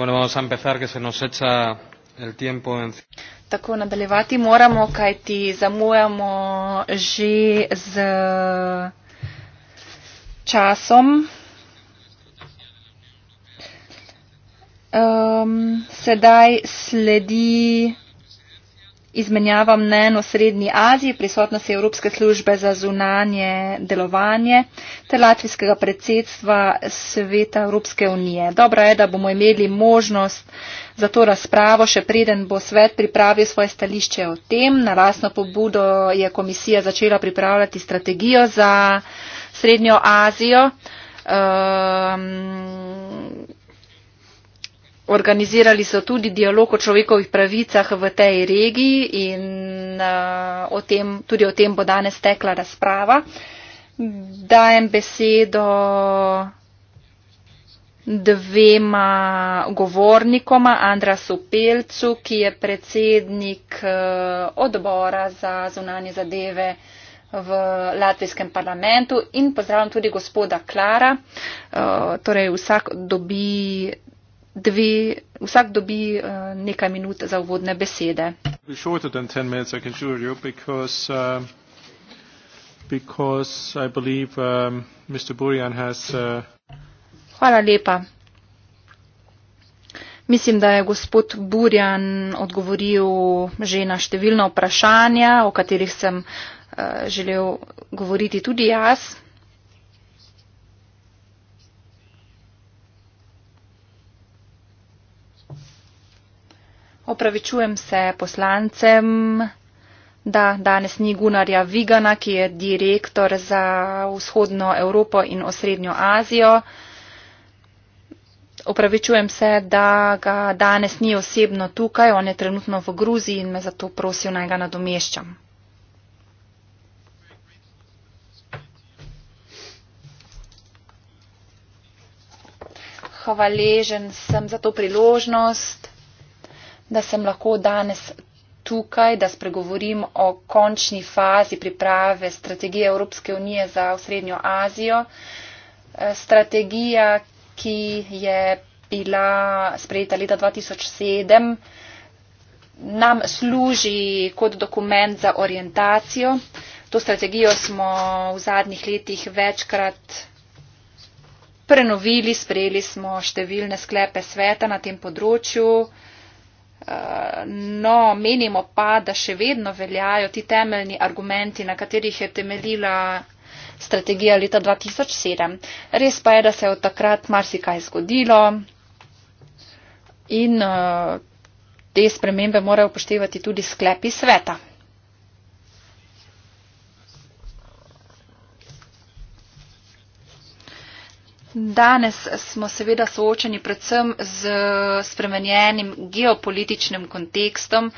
Bueno, vamos a empezar, que se nos echa el tiempo en... Tako nadaljevati moramo, kaj ti zamujamo že z časom. Um, sedaj sledi izmenjava mnen o Srednji Aziji, prisotnosti Evropske službe za zunanje delovanje ter Latvijskega predsedstva Sveta Evropske unije. Dobro je, da bomo imeli možnost za to razpravo, še preden bo svet pripravil svoje stališče o tem. Na lasno pobudo je komisija začela pripravljati strategijo za Srednjo Azijo. Um, organizirali so tudi dialog o človekovih pravicah v tej regiji in uh, o tem, tudi o tem bo danes tekla razprava. Dajem besedo dvema govornikoma, Andrasu Pelcu, ki je predsednik eh, odbora za zunanje zadeve v Latvijskem parlamentu in pozdravljam tudi gospoda Klara. Eh, torej vsak dobi dve, vsak dobi uh, nekaj minut za uvodne besede. Hvala lepa. Mislim, da je gospod Burjan odgovoril že na številna vprašanja, o katerih sem uh, želel govoriti tudi jaz. opravičujem se poslancem, da danes ni Gunarja Vigana, ki je direktor za vzhodno Evropo in osrednjo Azijo. Opravičujem se, da ga danes ni osebno tukaj, on je trenutno v Gruziji in me zato prosil naj ga nadomeščam. Hvaležen sem za to priložnost da sem lahko danes tukaj, da spregovorim o končni fazi priprave strategije Evropske unije za Srednjo Azijo. E, strategija, ki je bila sprejeta leta 2007, nam služi kot dokument za orientacijo. To strategijo smo v zadnjih letih večkrat prenovili, sprejeli smo številne sklepe sveta na tem področju. No, menimo pa, da še vedno veljajo ti temeljni argumenti, na katerih je temeljila strategija leta 2007. Res pa je, da se je od takrat marsikaj zgodilo in eh, te spremembe morajo upoštevati tudi sklepi sveta. Danes smo seveda soočeni predvsem z spremenjenim geopolitičnim kontekstom.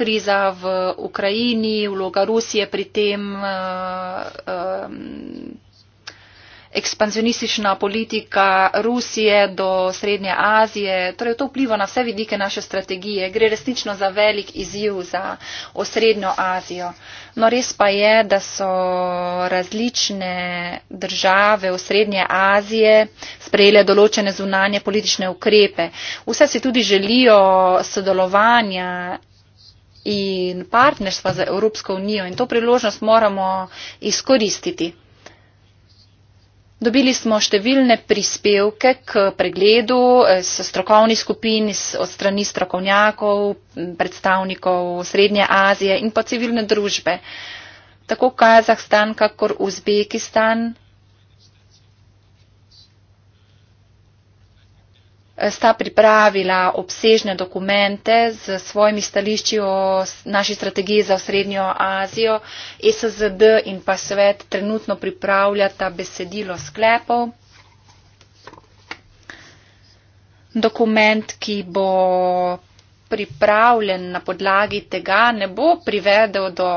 Kriza v Ukrajini, vloga Rusije pri tem. Uh, um, ekspanzionistična politika Rusije do Srednje Azije. Torej to vpliva na vse vidike naše strategije. Gre resnično za velik izjiv za osrednjo Azijo. No res pa je, da so različne države osrednje Azije sprejele določene zunanje politične ukrepe. Vse si tudi želijo sodelovanja in partnerstva za Evropsko unijo in to priložnost moramo izkoristiti. Dobili smo številne prispevke k pregledu eh, s strokovnih skupin, od strani strokovnjakov, predstavnikov Srednje Azije in pa civilne družbe. Tako Kazahstan, kakor Uzbekistan sta pripravila obsežne dokumente z svojimi stališči o naši strategiji za Srednjo Azijo. E SZD in pa svet trenutno pripravljata besedilo sklepov. Dokument, ki bo pripravljen na podlagi tega, ne bo privedel do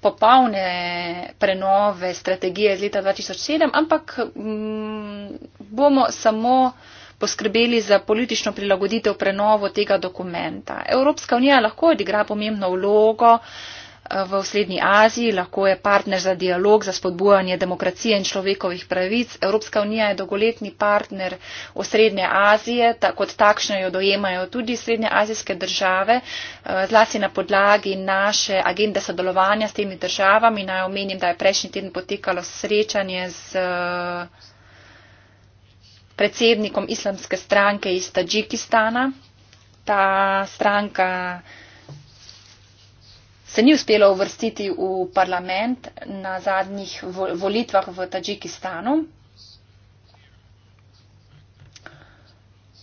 popolne prenove strategije iz leta 2007, ampak mm, bomo samo uh, poskrbeli za politično prilagoditev prenovo tega dokumenta. Evropska unija lahko odigra pomembno vlogo eh, v srednji Aziji, lahko je partner za dialog, za spodbujanje demokracije in človekovih pravic. Evropska unija je dolgoletni partner v srednje Azije, ta, kot takšno jo dojemajo tudi srednje azijske države, eh, zlasti na podlagi naše agende sodelovanja s temi državami. Naj omenim, da je prejšnji teden potekalo srečanje z. Uh, predsednikom islamske stranke iz Tadžikistana. Ta stranka se ni uspela uvrstiti v parlament na zadnjih volitvah v Tadžikistanu.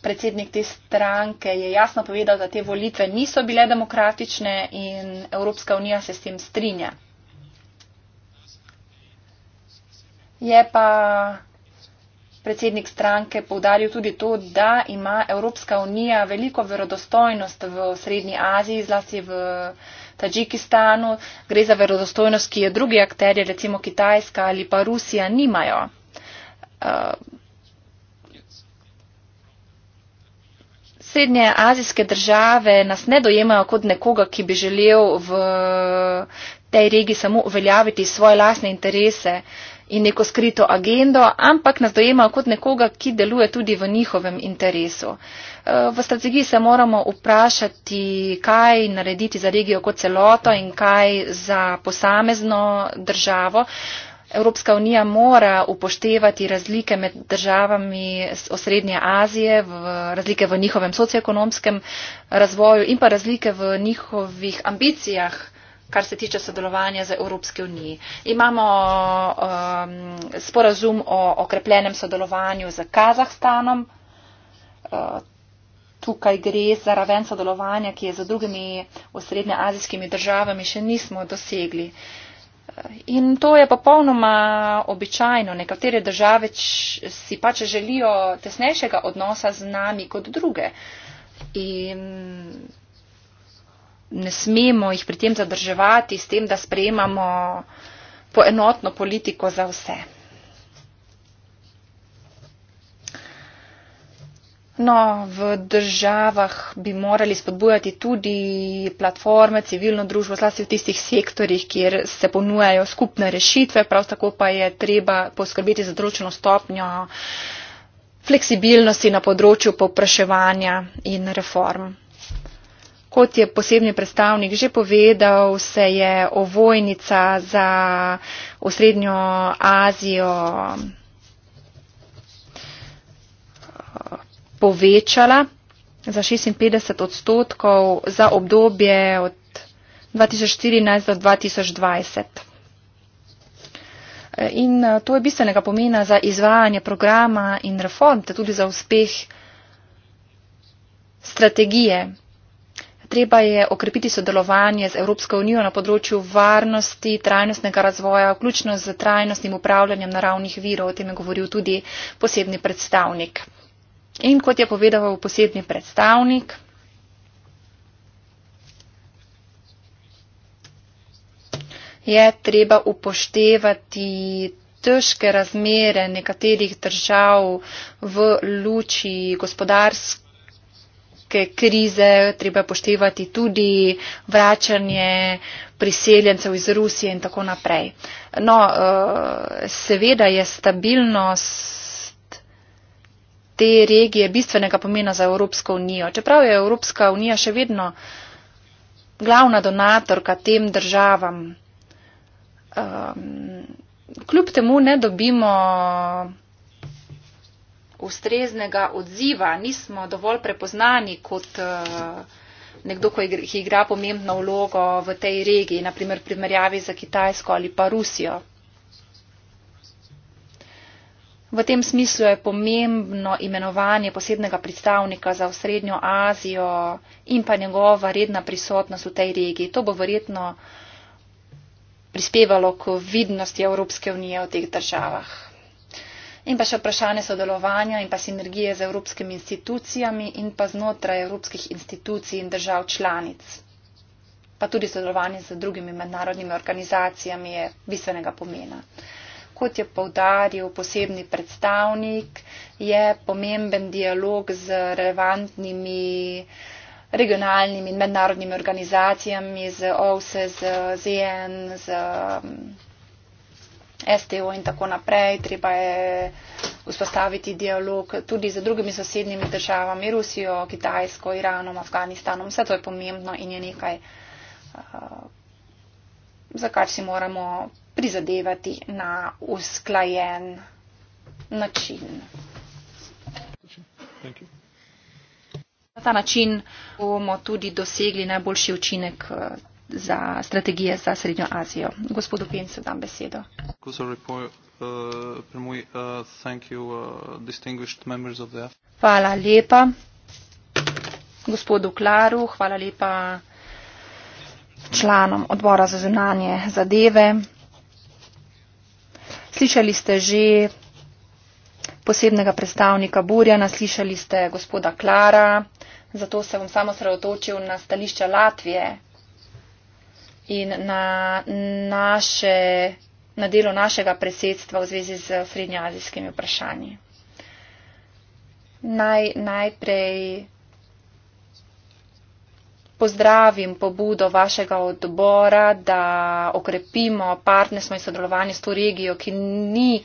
Predsednik te stranke je jasno povedal, da te volitve niso bile demokratične in Evropska unija se s tem strinja. Je pa predsednik stranke povdaril tudi to, da ima Evropska unija veliko verodostojnost v Srednji Aziji, zlasti v Tadžikistanu. Gre za verodostojnost, ki jo drugi akterje, recimo Kitajska ali pa Rusija, nimajo. Eh, Srednje azijske države nas ne dojemajo kot nekoga, ki bi želel v tej regiji samo uveljaviti svoje lasne interese. Uh, in neko skrito agendo, ampak nas dojemajo kot nekoga, ki deluje tudi v njihovem interesu. Eh, v strategiji se moramo vprašati, kaj narediti za regijo kot celoto in kaj za posamezno državo. Evropska unija mora upoštevati razlike med državami osrednje Azije, v razlike v njihovem socioekonomskem razvoju in pa razlike v njihovih ambicijah kar se tiče sodelovanja z Evropske unije. Imamo um, sporazum o okrepljenem sodelovanju z Kazahstanom. Uh, tukaj gre za raven sodelovanja, ki je z drugimi osrednjeazijskimi državami še nismo dosegli. In to je popolnoma običajno. Nekatere države si pač želijo tesnejšega odnosa z nami kot druge. In ne smemo jih pri tem zadrževati s tem, da sprejemamo poenotno politiko za vse. No, v državah bi morali spodbujati tudi platforme, civilno družbo, zlasti v tistih sektorjih, kjer se ponujajo skupne rešitve, prav tako pa je treba poskrbeti za določeno stopnjo fleksibilnosti na področju popraševanja in reform. Kot je posebni predstavnik že povedal, se je ovojnica za osrednjo Azijo eh, povečala za 56 odstotkov za obdobje od 2014 do 2020. Eh, in eh, to je bistvenega pomena za izvajanje programa in reform, te tudi za uspeh strategije Treba je okrepiti sodelovanje z Evropsko unijo na področju varnosti, trajnostnega razvoja, vključno z trajnostnim upravljanjem naravnih virov. O tem je govoril tudi posebni predstavnik. In kot je povedal posebni predstavnik, je treba upoštevati težke razmere nekaterih držav v luči gospodarske neke krize, treba poštevati tudi vračanje priseljencev iz Rusije in tako naprej. No, eh, seveda je stabilnost te regije bistvenega pomena za Evropsko unijo. Čeprav je Evropska unija še vedno glavna donatorka tem državam, ehm, kljub temu ne dobimo ustreznega odziva, nismo dovolj prepoznani kot eh, nekdo, ki igra pomembno vlogo v tej regiji, naprimer primerjavi za Kitajsko ali pa Rusijo. V tem smislu je pomembno imenovanje posebnega predstavnika za Srednjo Azijo in pa njegova redna prisotnost v tej regiji. To bo verjetno prispevalo k vidnosti Evropske unije v teh državah in pa še vprašanje sodelovanja in pa sinergije z evropskimi institucijami in pa znotraj evropskih institucij in držav članic. Pa tudi sodelovanje z drugimi mednarodnimi organizacijami je bistvenega pomena. Kot je povdaril posebni predstavnik, je pomemben dialog z relevantnimi regionalnimi in mednarodnimi organizacijami, z OVSE, z ZN, z STO in tako naprej, treba je vzpostaviti dialog tudi z drugimi sosednjimi državami, Rusijo, Kitajsko, Iranom, Afganistanom. Vse to je pomembno in je nekaj, eh, za kar si moramo prizadevati na usklajen način. Na ta način bomo tudi dosegli najboljši učinek eh, za strategije za Srednjo Azijo. Gospodu Pencu dam besedo. Uh, uh, uh, hvala lepa gospodu Klaru, hvala lepa članom odbora za zunanje zadeve. Slišali ste že posebnega predstavnika Burjana, slišali ste gospoda Klara, zato se bom samo sredotočil na stališča Latvije in na, naše, na delo našega predsedstva v zvezi z srednjazijskimi vprašanji. Naj najprej pozdravim pobudo vašega odbora, da okrepimo partnerstvo in sodelovanje s to regijo, ki ni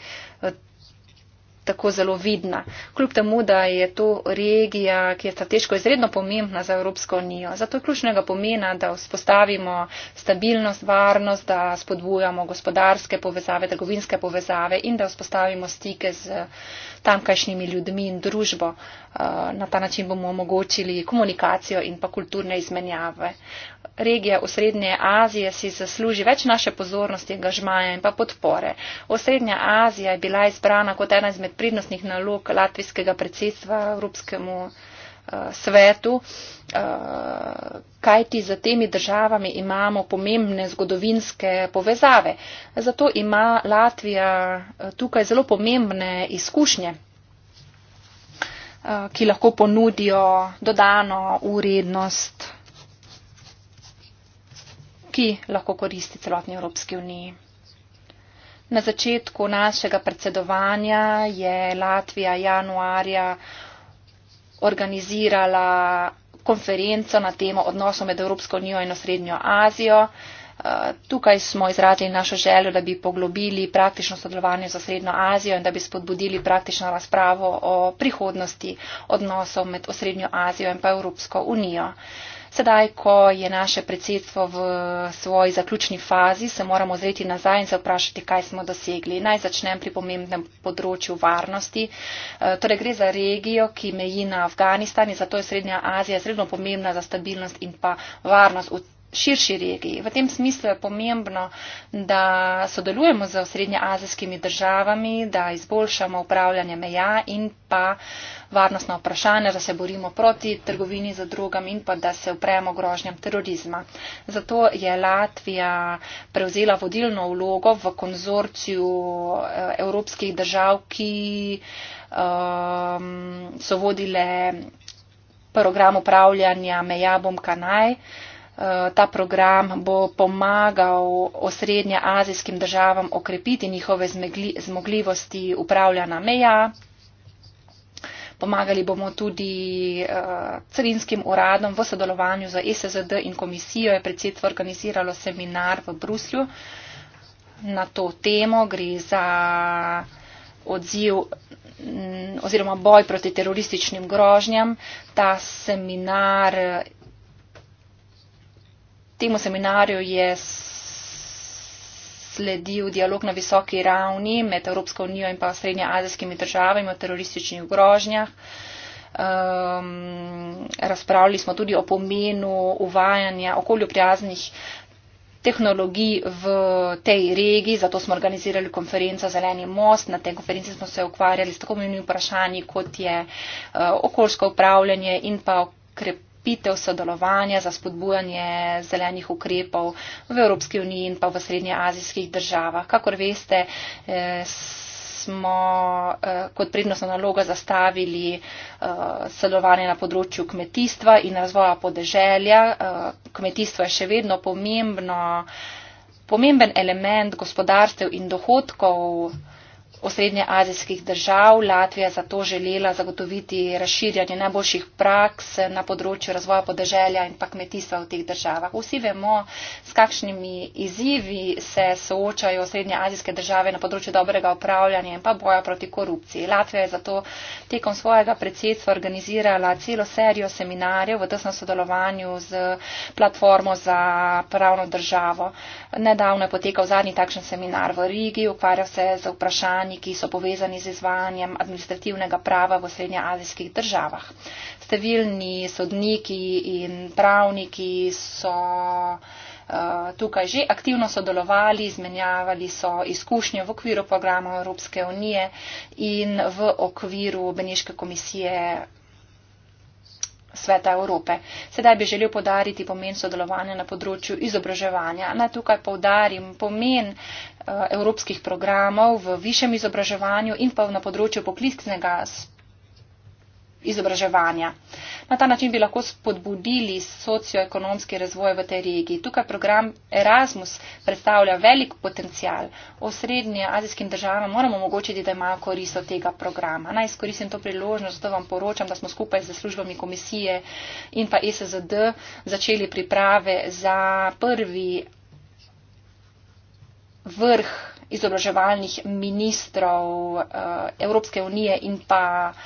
tako zelo vidna. Kljub temu, da je to regija, ki je strateško izredno pomembna za Evropsko unijo. Zato je ključnega pomena, da vzpostavimo stabilnost, varnost, da spodbujamo gospodarske povezave, trgovinske povezave in da vzpostavimo stike z tamkajšnjimi ljudmi in družbo. Eh, na ta način bomo omogočili komunikacijo in pa kulturne izmenjave. Regija Osrednje Azije si zasluži več naše pozornosti, angažmaja in pa podpore. Osrednja Azija je bila izbrana kot ena izmed pridnostnih nalog latvijskega predsedstva Evropskemu eh, svetu, eh, kajti za temi državami imamo pomembne zgodovinske povezave. Zato ima Latvija tukaj zelo pomembne izkušnje Eh, ki lahko ponudijo dodano urednost, ki lahko koristi celotni Evropski uniji. Na začetku našega predsedovanja je Latvija januarja organizirala konferenco na temo odnosov med Evropsko unijo in Srednjo Azijo. Uh, Tukaj smo izrazili našo željo, da bi poglobili praktično sodelovanje za Srednjo Azijo in da bi spodbudili praktično razpravo o prihodnosti odnosov med Srednjo Azijo in pa Evropsko unijo. Sedaj, ko je naše predsedstvo v svoji zaključni fazi, se moramo zreti nazaj in se vprašati, kaj smo dosegli. Naj začnem pri pomembnem področju varnosti. E, torej, gre za regijo, ki meji na Afganistan in zato je Srednja Azija zelo pomembna za stabilnost in pa varnost v širši regiji. V tem smislu je pomembno, da sodelujemo z osrednjeazijskimi državami, da izboljšamo upravljanje meja in pa varnostna vprašanja, da se borimo proti trgovini za drugam in pa da se upremo grožnjam terorizma. Zato je Latvija prevzela vodilno vlogo v konzorciju eh, evropskih držav, ki um, so vodile program upravljanja meja Bomkanaj. Uh, Eh, ta program bo pomagal osrednje azijskim državam okrepiti njihove zmegli, zmogljivosti upravljanja meja. Pomagali bomo tudi uh, carinskim uradom v sodelovanju za SSD in komisijo. Je predsedstvo organiziralo seminar v Bruslju na to temo. Gre za odziv mm, oziroma boj proti terorističnim grožnjam. Ta seminar temu seminarju je sledil dialog na visoki ravni med Evropsko unijo in pa srednje azijskimi državami o terorističnih grožnjah. Um, razpravljali smo tudi o pomenu uvajanja okolju prijaznih tehnologij v tej regiji, zato smo organizirali konferenco Zeleni most. Na tej konferenci smo se ukvarjali s tako imenimi vprašanji, kot je uh, okoljsko upravljanje in pa okrepitev okrepitev sodelovanja za spodbujanje zelenih ukrepov v Evropski uniji in pa v srednjeazijskih državah. Kakor veste, eh, smo eh, kot prednostno nalogo zastavili eh, sodelovanje na področju kmetijstva in razvoja podeželja. Kmetijstvo je še vedno pomembno, pomemben element gospodarstev in dohodkov osrednjeazijskih držav. Latvija je zato želela zagotoviti razširjanje najboljših praks na področju razvoja podeželja in pa kmetijstva v teh državah. Vsi vemo, s kakšnimi izzivi se soočajo osrednjeazijske države na področju dobrega upravljanja in pa boja proti korupciji. Latvija je zato tekom svojega predsedstva organizirala celo serijo seminarjev v tesnem sodelovanju z platformo za pravno državo. Nedavno je potekal zadnji takšen seminar v Rigi, ukvarjal se je z vprašanjem, vprašanji, ki so povezani z izvajanjem administrativnega prava v srednjeazijskih državah. Stevilni sodniki in pravniki so eh, tukaj že aktivno sodelovali, izmenjavali so izkušnje v okviru programa Evropske unije in v okviru Beneške komisije sveta Evrope. Sedaj bi želel podariti pomen sodelovanja na področju izobraževanja. Naj tukaj povdarim pomen eh, evropskih programov v višjem izobraževanju in pa na področju poklicnega izobraževanja. Na ta način bi lahko spodbudili socioekonomski razvoj v tej regiji. Tukaj program Erasmus predstavlja velik potencial. Osrednje azijskim državam moramo omogočiti, da imajo korist od tega programa. Naj izkoristim to priložnost, zato vam poročam, da smo skupaj z službami komisije in pa SSD začeli priprave za prvi vrh izobraževalnih ministrov uh, Evropske unije in pa uh,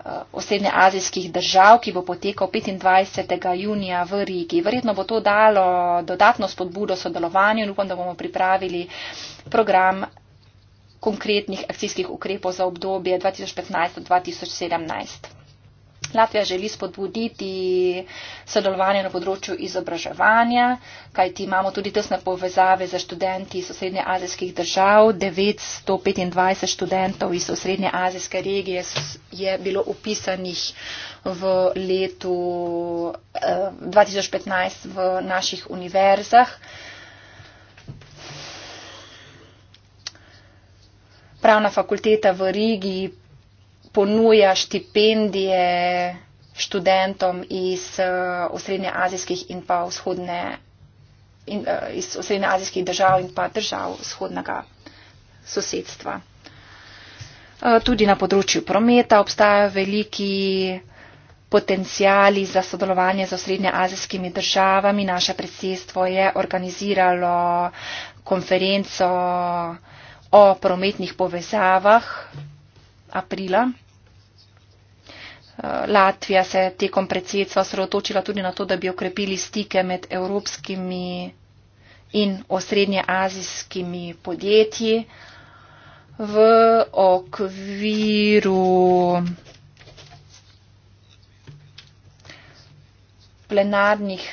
Eh, osrednje azijskih držav, ki bo potekal 25. junija v Rigi. Verjetno bo to dalo dodatno spodbudo sodelovanju in upam, da bomo pripravili program konkretnih akcijskih ukrepov za obdobje 2015-2017. Latvija želi spodbuditi sodelovanje na področju izobraževanja, kajti imamo tudi tesne povezave za študenti iz osrednje azijskih držav. 925 študentov iz osrednje azijske regije je bilo upisanih v letu 2015 eh, v naših univerzah. Pravna fakulteta v Rigi ponuja štipendije študentom iz eh, osrednjeazijskih in pa vzhodne, in, eh, iz osrednjeazijskih držav in pa držav vzhodnega sosedstva. Eh, tudi na področju prometa obstajajo veliki potencijali za sodelovanje z osrednjeazijskimi državami. Naše predsedstvo je organiziralo konferenco o prometnih povezavah aprila. Eh, Latvija se je tekom predsedstva sredotočila tudi na to, da bi okrepili stike med evropskimi in osrednjeazijskimi podjetji v okviru plenarnih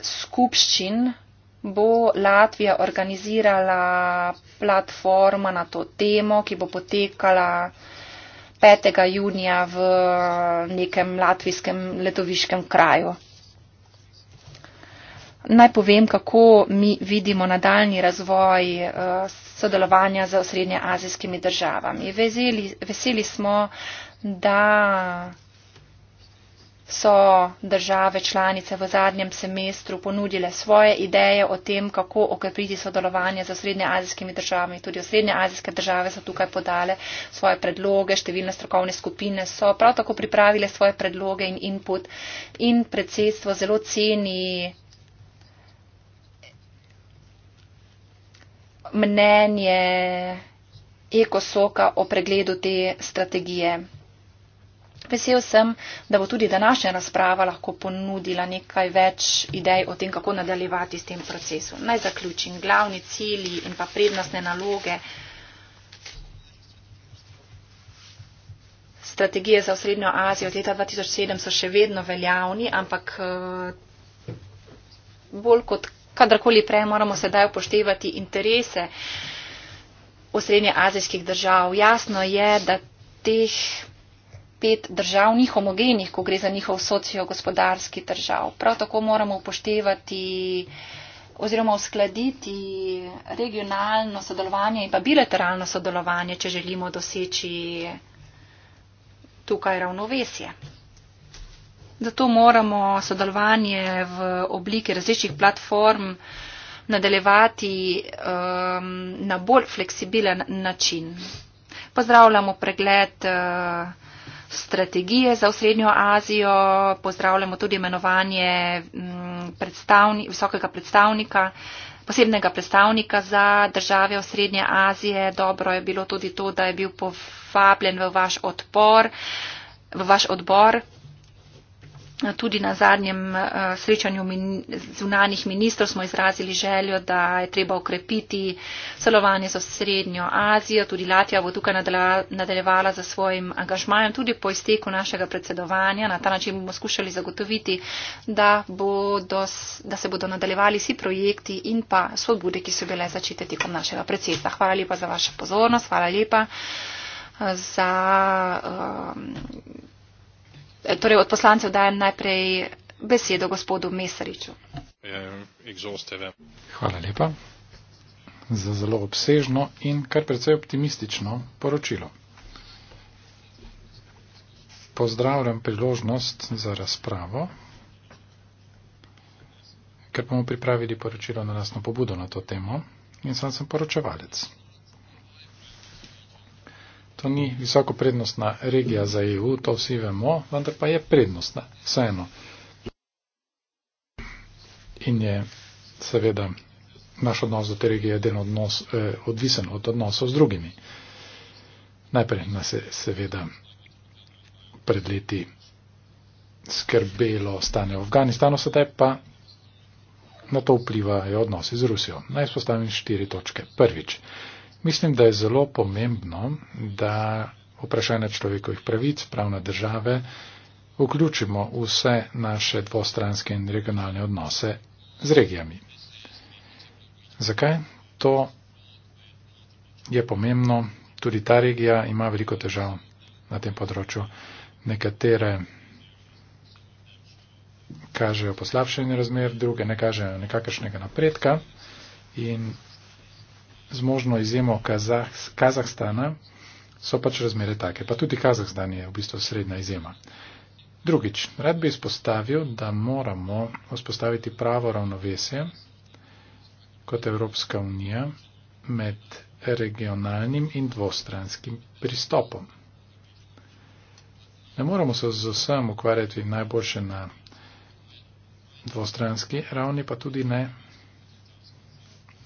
skupščin bo Latvija organizirala platforma na to temo, ki bo potekala 5. junija v nekem latvijskem letoviškem kraju. Naj povem, kako mi vidimo nadaljni razvoj eh, sodelovanja z osrednje azijskimi državami. Veseli, veseli smo, da so države članice v zadnjem semestru ponudile svoje ideje o tem, kako okrepiti sodelovanje z srednjeazijskimi državami. Tudi srednjeazijske države so tukaj podale svoje predloge, številne strokovne skupine so prav tako pripravile svoje predloge in input in predsedstvo zelo ceni mnenje Ekosoka o pregledu te strategije. Vesel sem, da bo tudi današnja razprava lahko ponudila nekaj več idej o tem, kako nadaljevati s tem procesom. Naj zaključim glavni cilji in pa prednostne naloge strategije za osrednjo Azijo od leta 2007 so še vedno veljavni, ampak eh, bolj kot kadarkoli prej moramo sedaj upoštevati interese osrednje azijskih držav. Jasno je, da teh spet držav ni homogenih, ko gre za njihov sociogospodarski držav. Prav tako moramo upoštevati oziroma uskladiti regionalno sodelovanje in pa bilateralno sodelovanje, če želimo doseči tukaj ravnovesje. Zato moramo sodelovanje v obliki različnih platform nadaljevati um, na bolj fleksibilen način. Pozdravljamo pregled uh, strategije za Srednjo Azijo, pozdravljamo tudi imenovanje mm, predstavni, visokega predstavnika, posebnega predstavnika za države Srednje Azije. Dobro je bilo tudi to, da je bil povabljen v vaš odpor, v vaš odbor. Tudi na zadnjem eh, srečanju zunanih ministrov smo izrazili željo, da je treba okrepiti sodelovanje z Srednjo Azijo. Tudi Latvija bo tukaj nadaljevala za svojim angažmajem, tudi po izteku našega predsedovanja. Na ta način bomo skušali zagotoviti, da, bodo, da se bodo nadaljevali vsi projekti in pa svobode, ki so bile začete tekom našega predsedstva. Hvala lepa za vašo pozornost. Hvala lepa eh, za. Um, torej od poslancev dajem najprej besedo gospodu Mesariču. Hvala lepa za zelo obsežno in kar precej optimistično poročilo. Pozdravljam priložnost za razpravo, ker bomo pripravili poročilo na lasno pobudo na to temo in sam sem poročevalec to ni visoko prednostna regija za EU, to vsi vemo, vendar pa je prednostna, vseeno. In je seveda naš odnos do te regije delno odnos, eh, odvisen od odnosov z drugimi. Najprej nas je seveda pred leti skrbelo stanje v Afganistanu, sedaj pa na to vplivajo odnosi z Rusijo. Naj spostavim štiri točke. Prvič. Mislim, da je zelo pomembno, da vprašanje človekovih pravic, pravna države, vključimo vse naše dvostranske in regionalne odnose z regijami. Zakaj? To je pomembno. Tudi ta regija ima veliko težav na tem področju. Nekatere kažejo poslabšanje razmer, druge ne kažejo nekakšnega napredka. In z možno izjemo Kazahs Kazahstana, so pač razmere take. Pa tudi Kazahstan je v bistvu srednja izjema. Drugič, rad bi izpostavil, da moramo vzpostaviti pravo ravnovesje kot Evropska unija med regionalnim in dvostranskim pristopom. Ne moramo se z vsem ukvarjati najboljše na dvostranski ravni, pa tudi ne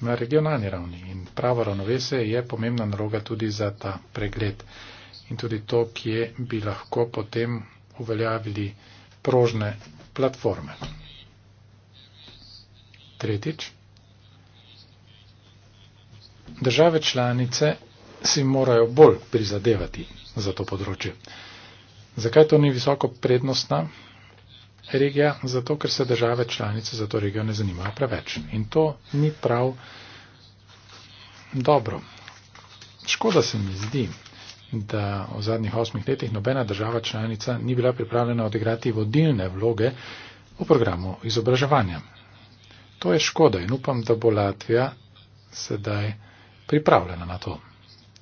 na regionalni ravni. In pravo ravnovesje je pomembna naloga tudi za ta pregled. In tudi to, kje bi lahko potem uveljavili prožne platforme. Tretjič. Države članice si morajo bolj prizadevati za to področje. Zakaj to ni visoko prednostna regija, zato ker se države članice za to regijo ne zanimajo preveč. In to ni prav dobro. Škoda se mi zdi, da v zadnjih osmih letih nobena država članica ni bila pripravljena odigrati vodilne vloge v programu izobraževanja. To je škoda in upam, da bo Latvija sedaj pripravljena na to.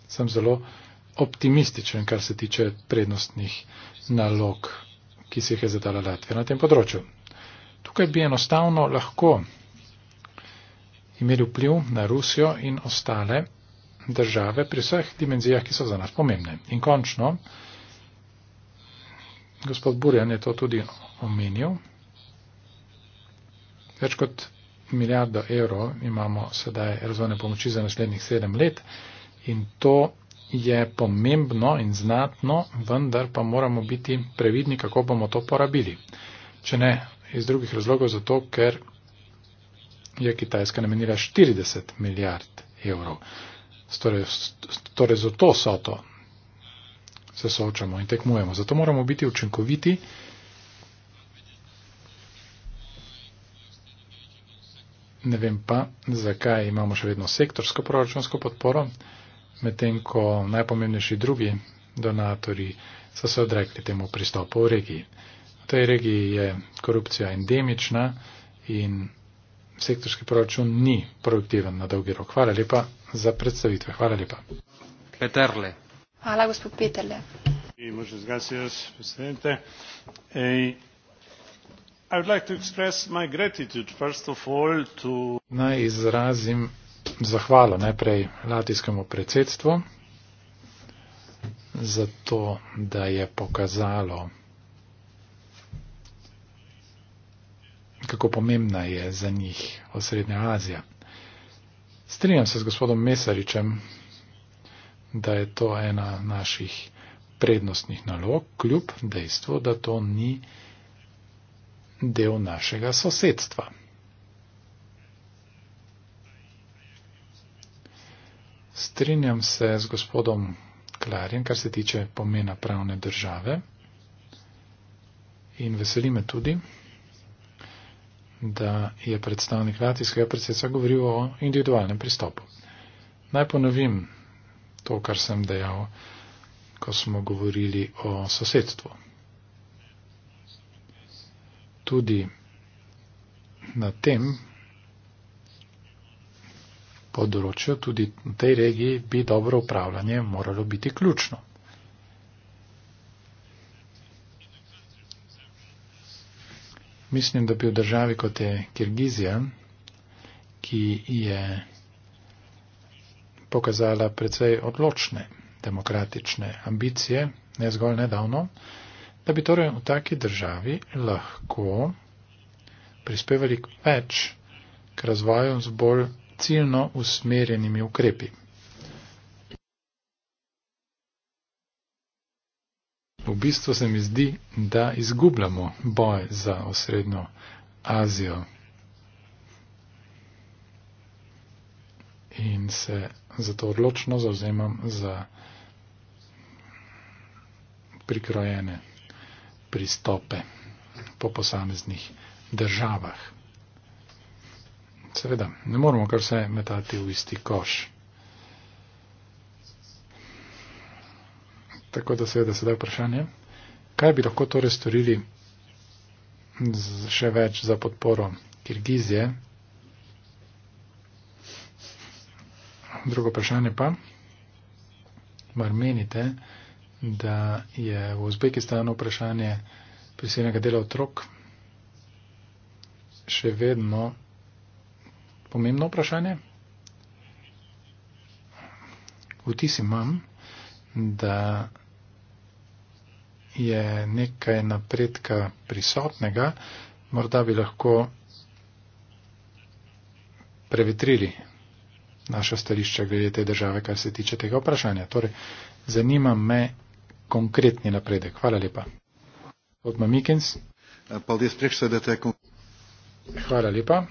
Sem zelo optimističen, kar se tiče prednostnih nalog ki se jih je zadala Latvija na tem področju. Tukaj bi enostavno lahko imeli vpliv na Rusijo in ostale države pri vseh dimenzijah, ki so za nas pomembne. In končno, gospod Burjan je to tudi omenil, več kot milijardo evrov imamo sedaj razvojne pomoči za naslednjih sedem let in to je pomembno in znatno, vendar pa moramo biti previdni, kako bomo to porabili. Če ne, iz drugih razlogov zato, ker je Kitajska namenila 40 milijard evrov. Torej, torej za to so to se soočamo in tekmujemo. Zato moramo biti učinkoviti. Ne vem pa, zakaj imamo še vedno sektorsko proračunsko podporo medtem ko najpomembnejši drugi donatori so se odrekli temu pristopu v regiji. V tej regiji je korupcija endemična in sektorski proračun ni produktiven na dolgi rok. Hvala lepa za predstavitve. Hvala lepa. Peterle. Hvala, gospod Peterle. Eh, Naj izrazim zahvalo najprej latijskemu predsedstvu za to, da je pokazalo, kako pomembna je za njih osrednja Azija. Strinjam se z gospodom Mesaričem, da je to ena naših prednostnih nalog, kljub dejstvu, da to ni del našega sosedstva. Strinjam se z gospodom Klarjem, kar se tiče pomena pravne države. In veseli me tudi, da je predstavnik latijskega predsedstva govoril o individualnem pristopu. Naj ponovim to, kar sem dejal, ko smo govorili o sosedstvu. Tudi na tem področju, tudi v tej regiji, bi dobro upravljanje moralo biti ključno. Mislim, da bi v državi kot je Kirgizija, ki je pokazala precej odločne demokratične ambicije, ne zgolj nedavno, da bi torej v taki državi lahko prispevali več k razvoju z bolj ciljno usmerjenimi ukrepi. V bistvu se mi zdi, da izgubljamo boj za osrednjo Azijo in se zato odločno zauzemam za prikrojene pristope po posameznih državah seveda, ne moramo kar vse metati v isti koš. Tako da seveda sedaj vprašanje, kaj bi lahko torej storili z, še več za podporo Kirgizije? Drugo vprašanje pa, mar menite, da je v Uzbekistanu vprašanje prisilnega dela otrok še vedno pomembno vprašanje. Vtis imam, da je nekaj napredka prisotnega, morda bi lahko prevetrili naša stališča glede te države, kar se tiče tega vprašanja. Torej, zanima me konkretni napredek. Hvala lepa. Odma Mikens. Hvala lepa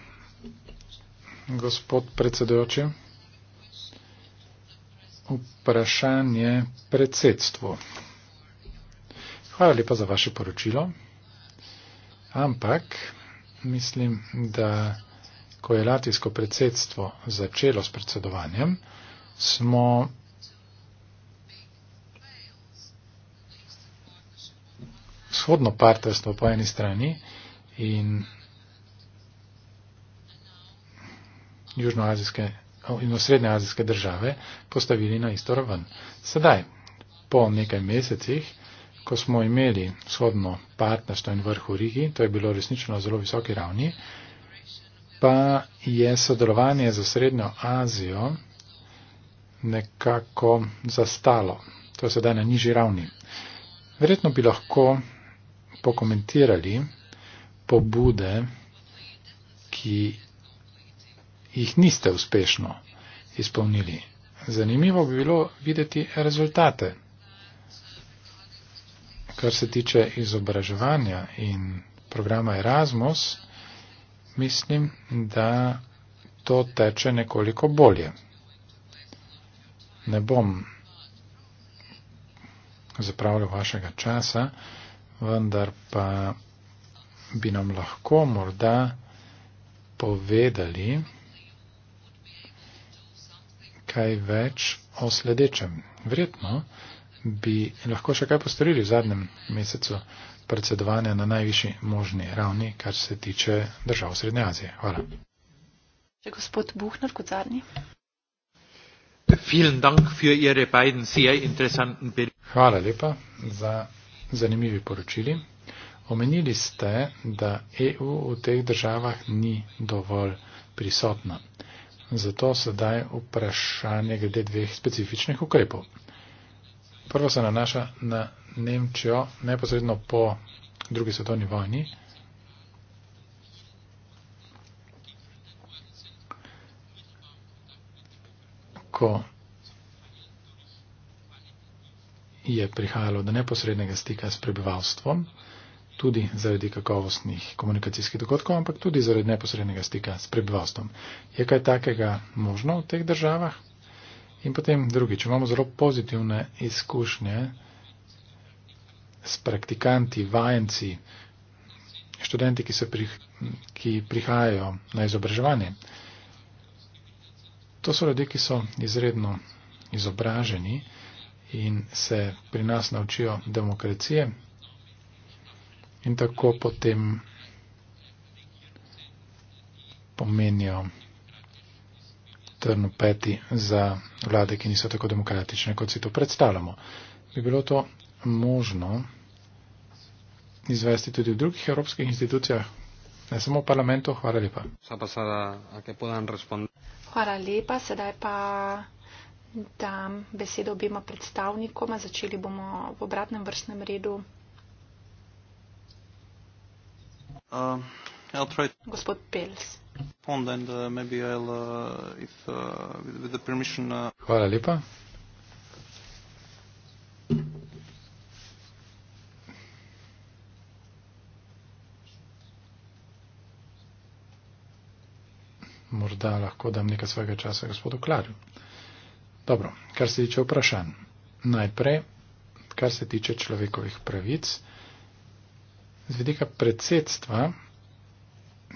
gospod predsedujoči. Vprašanje predsedstvu. Hvala lepa za vaše poročilo, ampak mislim, da ko je latvijsko predsedstvo začelo s predsedovanjem, smo vzhodno partnerstvo po eni strani in južnoazijske in osrednjeazijske države postavili na isto raven. Sedaj, po nekaj mesecih, ko smo imeli vzhodno partnerstvo in vrh v Rigi, to je bilo resnično na zelo visoki ravni, pa je sodelovanje z osrednjo Azijo nekako zastalo. To je sedaj na nižji ravni. Verjetno bi lahko pokomentirali pobude, ki jih niste uspešno izpolnili. Zanimivo bi bilo videti rezultate. Kar se tiče izobraževanja in programa Erasmus, mislim, da to teče nekoliko bolje. Ne bom zapravljal vašega časa, vendar pa bi nam lahko morda povedali, kaj več o sledečem. Vredno bi lahko še kaj postorili v zadnjem mesecu predsedovanja na najvišji možni ravni, kar se tiče držav Srednje Azije. Hvala. Če gospod Buhner kot zadnji. Hvala lepa za zanimivi poročili. Omenili ste, da EU v teh državah ni dovolj prisotna. Zato sedaj vprašanje glede dveh specifičnih ukrepov. Prvo se nanaša na Nemčijo neposredno po drugi svetovni vojni. Ko je prihajalo do neposrednega stika s prebivalstvom, tudi zaradi kakovostnih komunikacijskih dogodkov, ampak tudi zaradi neposrednega stika s prebivalstvom. Je kaj takega možno v teh državah? In potem drugič, imamo zelo pozitivne izkušnje s praktikanti, vajenci, študenti, ki, pri, ki prihajajo na izobraževanje. To so ljudje, ki so izredno izobraženi in se pri nas naučijo demokracije, in tako potem pomenijo trnu peti za vlade, ki niso tako demokratične, kot si to predstavljamo. Bi bilo to možno izvesti tudi v drugih evropskih institucijah, ne samo v parlamentu? Hvala lepa. Hvala lepa, sedaj pa dam besedo obima predstavnikoma. Začeli bomo v obratnem vrstnem redu Um, Gospod Pels. Uh, uh, uh, Hvala lepa. Morda lahko dam nekaj svojega časa gospodu Klarju. Dobro, kar se tiče vprašanj. Najprej, kar se tiče človekovih pravic. Z vidika predsedstva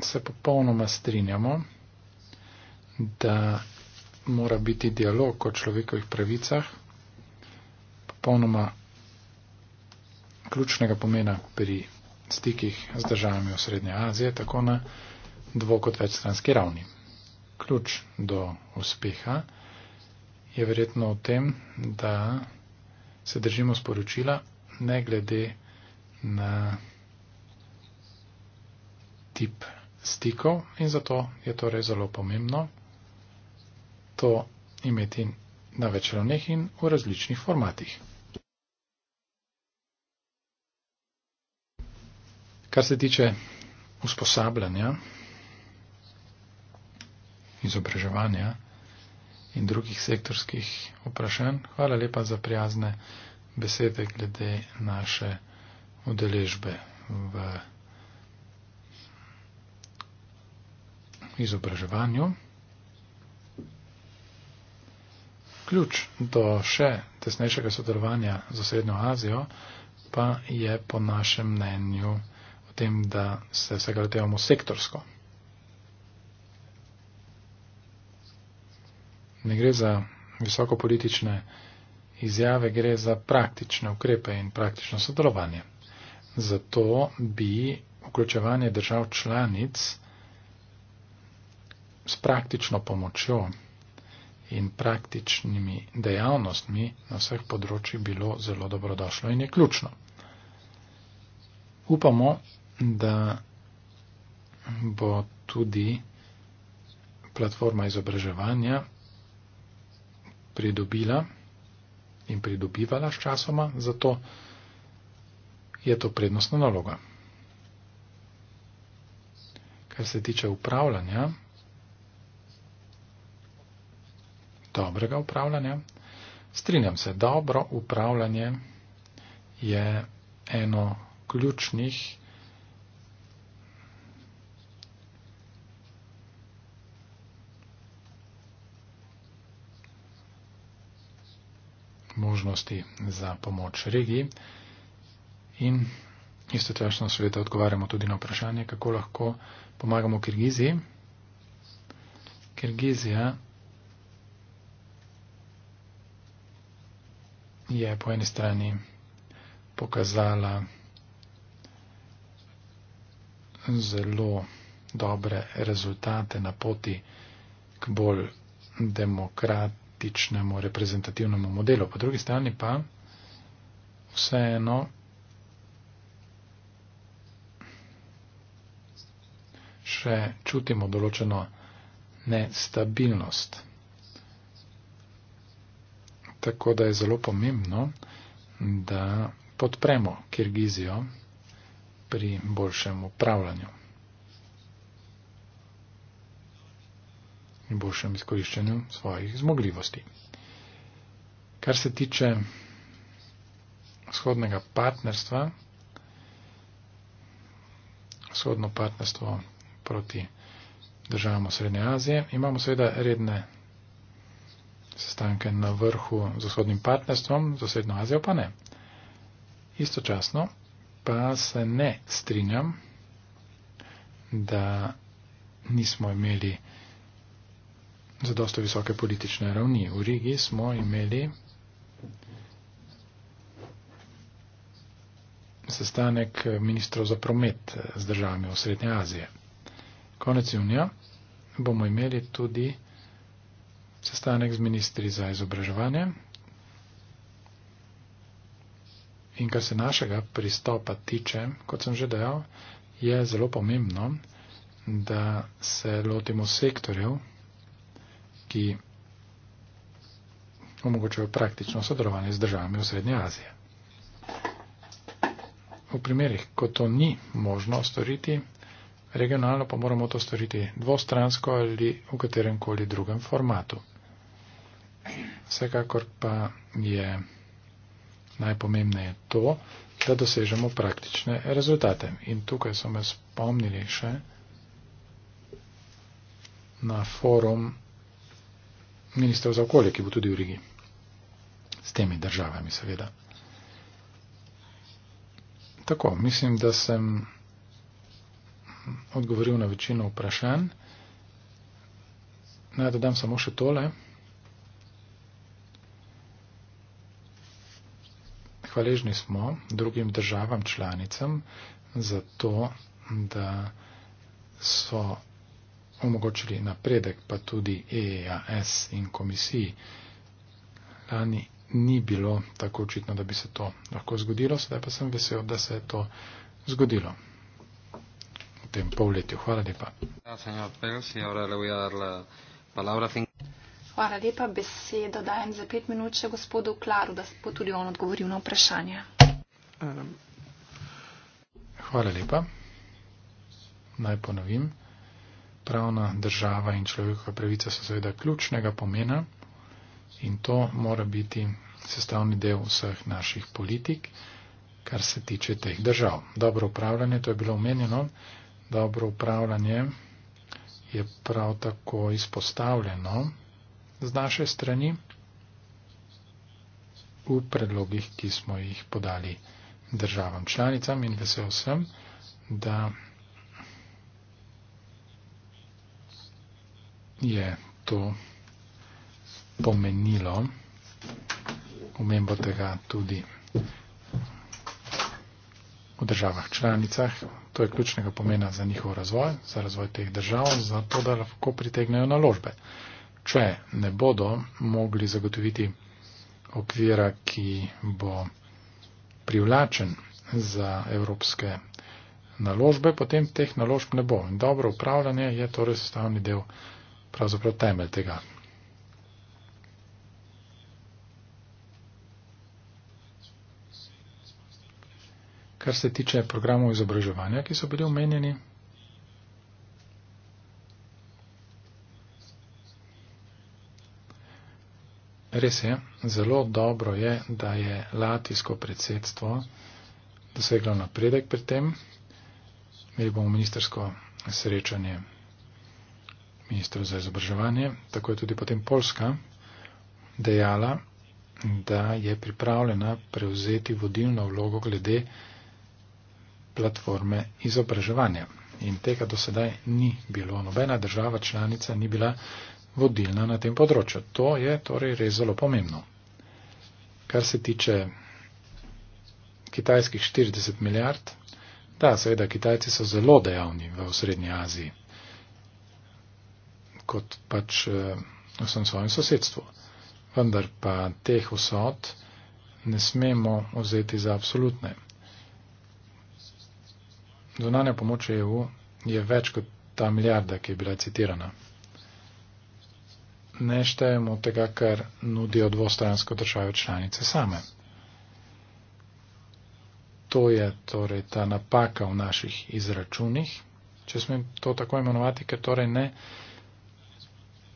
se popolnoma strinjamo, da mora biti dialog o človekovih pravicah popolnoma ključnega pomena pri stikih z državami v Srednje Azije, tako na dvo kot večstranski ravni. Ključ do uspeha je verjetno v tem, da se držimo sporočila ne glede na tip stikov in zato je torej zelo pomembno to imeti na več ravneh in v različnih formatih. Kar se tiče usposabljanja, izobraževanja in drugih sektorskih vprašanj, hvala lepa za prijazne besede glede naše udeležbe v izobraževanju. Ključ do še tesnejšega sodelovanja z osrednjo Azijo pa je po našem mnenju v tem, da se vsega letevamo sektorsko. Ne gre za visokopolitične izjave, gre za praktične ukrepe in praktično sodelovanje. Zato bi vključevanje držav članic s praktično pomočjo in praktičnimi dejavnostmi na vseh področjih bilo zelo dobrodošlo in je ključno. Upamo, da bo tudi platforma izobraževanja pridobila in pridobivala s časoma, zato je to prednostna naloga. Kar se tiče upravljanja, dobrega upravljanja. Strinjam se, dobro upravljanje je eno ključnih možnosti za pomoč regiji in istočasno seveda odgovarjamo tudi na vprašanje, kako lahko pomagamo Kirgiziji. Kirgizija je po eni strani pokazala zelo dobre rezultate na poti k bolj demokratičnemu reprezentativnemu modelu, po drugi strani pa vseeno še čutimo določeno nestabilnost. Tako da je zelo pomembno, da podpremo Kirgizijo pri boljšem upravljanju in boljšem izkoriščanju svojih zmogljivosti. Kar se tiče vzhodnega partnerstva, vzhodno partnerstvo proti državam Srednje Azije, imamo seveda redne sestanke na vrhu z vzhodnim partnerstvom, z osrednjo Azijo pa ne. Istočasno pa se ne strinjam, da nismo imeli za dosto visoke politične ravni. V Rigi smo imeli sestanek ministrov za promet z državami v Srednje Azije. Konec junija bomo imeli tudi sestanek z ministri za izobraževanje in kar se našega pristopa tiče, kot sem že dejal, je zelo pomembno, da se lotimo sektorjev, ki omogočajo praktično sodelovanje z državami v Srednje Azije. V primerih, ko to ni možno storiti, regionalno pa moramo to storiti dvostransko ali v katerem koli drugem formatu. Vsekakor pa je najpomembneje to, da dosežemo praktične rezultate. In tukaj so me spomnili še na forum ministrov za okolje, ki bo tudi v Rigi. S temi državami, seveda. Tako, mislim, da sem odgovoril na večino vprašanj. Naj dodam samo še tole. Hvaležni smo drugim državam članicam za to, da so omogočili napredek, pa tudi EAS in komisiji. Lani ni bilo tako očitno, da bi se to lahko zgodilo, sedaj pa sem vesel, da se je to zgodilo tem polletju. Hvala lepa. Ja, Hvala lepa. Besedo dajem za pet minut še gospodu Klaru, da bo tudi on odgovoril na vprašanje. Hvala lepa. Naj ponovim. Pravna država in človekove pravice so seveda ključnega pomena in to mora biti sestavni del vseh naših politik, kar se tiče teh držav. Dobro upravljanje, to je bilo omenjeno, dobro upravljanje je prav tako izpostavljeno z naše strani v predlogih, ki smo jih podali državam članicam in vesel sem, da je to pomenilo umembo tega tudi v državah članicah, to je ključnega pomena za njihov razvoj, za razvoj teh držav, za to, da lahko pritegnejo naložbe. Če ne bodo mogli zagotoviti okvira, ki bo privlačen za evropske naložbe, potem teh naložb ne bo. In dobro upravljanje je torej sestavni del, pravzaprav temelj tega kar se tiče programov izobraževanja, ki so bili omenjeni. Res je, zelo dobro je, da je latijsko predsedstvo doseglo napredek pri tem. Imeli bomo ministersko srečanje ministrov za izobraževanje, tako je tudi potem Poljska dejala, da je pripravljena prevzeti vodilno vlogo glede platforme izobraževanja. In tega do sedaj ni bilo. Nobena država članica ni bila vodilna na tem področju. To je torej res zelo pomembno. Kar se tiče kitajskih 40 milijard, da, seveda, Kitajci so zelo dejavni v Srednji Aziji, kot pač eh, v vsem svojem sosedstvu. Vendar pa teh vsot ne smemo vzeti za absolutne. Zunanja pomoč EU je več kot ta milijarda, ki je bila citirana. Ne štejemo tega, kar nudijo dvostransko države članice same. To je torej ta napaka v naših izračunih, če smem to tako imenovati, ker torej ne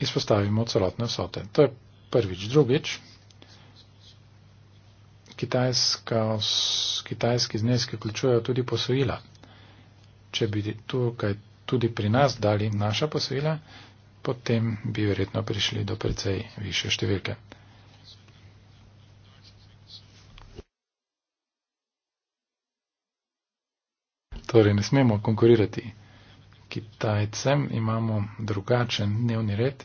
izpostavimo celotne vsote. To je prvič. Drugič, kitajski zneski vključujejo tudi posojila če bi tukaj tudi pri nas dali naša posojila, potem bi verjetno prišli do precej više številke. Torej, ne smemo konkurirati Kitajcem, imamo drugačen dnevni red.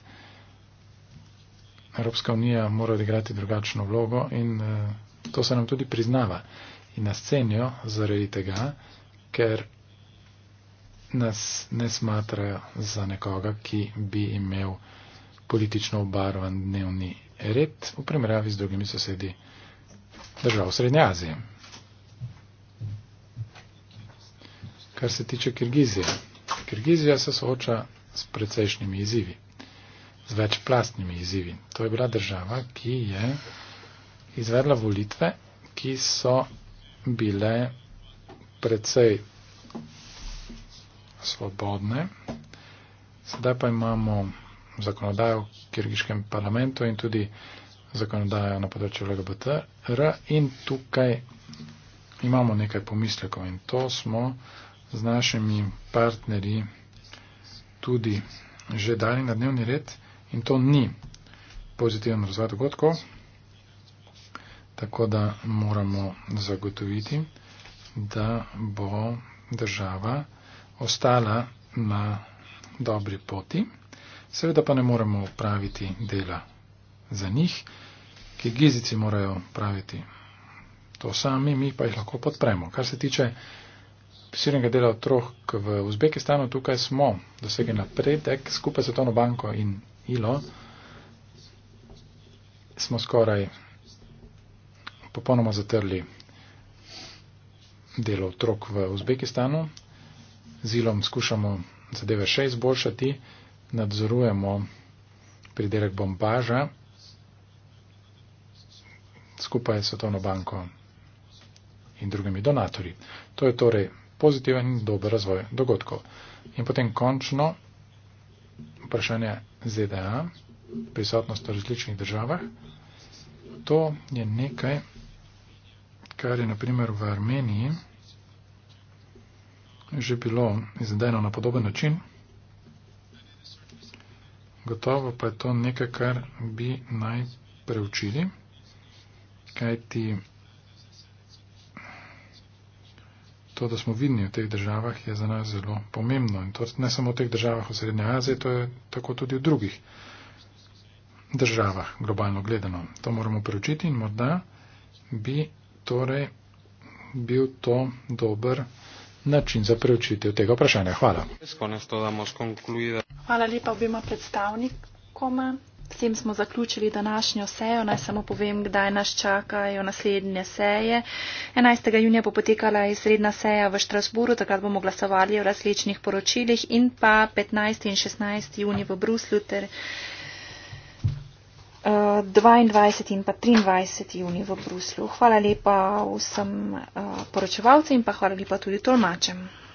Evropska unija mora odigrati drugačno vlogo in eh, to se nam tudi priznava. In nas cenijo zaradi tega, ker nas ne smatrajo za nekoga, ki bi imel politično obarvan dnevni red v primerjavi z drugimi sosedi držav Srednje Azije. Kar se tiče Kirgizije. Kirgizija se sooča s precejšnjimi izzivi, z večplastnimi izzivi. To je bila država, ki je izvedla volitve, ki so bile precej svobodne. Sedaj pa imamo zakonodajo v kirgiškem parlamentu in tudi zakonodajo na področju LGBTR in tukaj imamo nekaj pomislekov in to smo z našimi partnerji tudi že dali na dnevni red in to ni pozitiven razvoj dogodkov, tako da moramo zagotoviti, da bo država ostala na dobri poti. Seveda pa ne moremo praviti dela za njih, ki gizici morajo praviti to sami, mi pa jih lahko podpremo. Kar se tiče posilnega dela otrok v Uzbekistanu, tukaj smo dosegli napredek skupaj s Tono Banko in ILO. Smo skoraj popolnoma zatrli delo otrok v Uzbekistanu, zilom skušamo zadeve še izboljšati, nadzorujemo pridelek bombaža skupaj s Svetovno banko in drugimi donatorji. To je torej pozitiven in dober razvoj dogodkov. In potem končno vprašanje ZDA, prisotnost v različnih državah. To je nekaj, kar je naprimer v Armeniji že bilo izvedeno na podoben način. Gotovo pa je to nekaj, kar bi naj preučili, kajti to, da smo vidni v teh državah, je za nas zelo pomembno. In to ne samo v teh državah v Srednje Aziji, to je tako tudi v drugih državah, globalno gledano. To moramo preučiti in morda bi torej bil to dober način za preučitev tega vprašanja. Hvala. Hvala lepa obima predstavnikoma. S tem smo zaključili današnjo sejo. Naj samo povem, kdaj nas čakajo naslednje seje. 11. junija bo potekala izredna seja v Štrasburu, takrat bomo glasovali o različnih poročilih in pa 15. in 16. junija v Bruslju ter 22 in pa 23 juni v Bruslju. Hvala lepa vsem eh, poročevalcem in pa hvala lepa tudi tolmačem.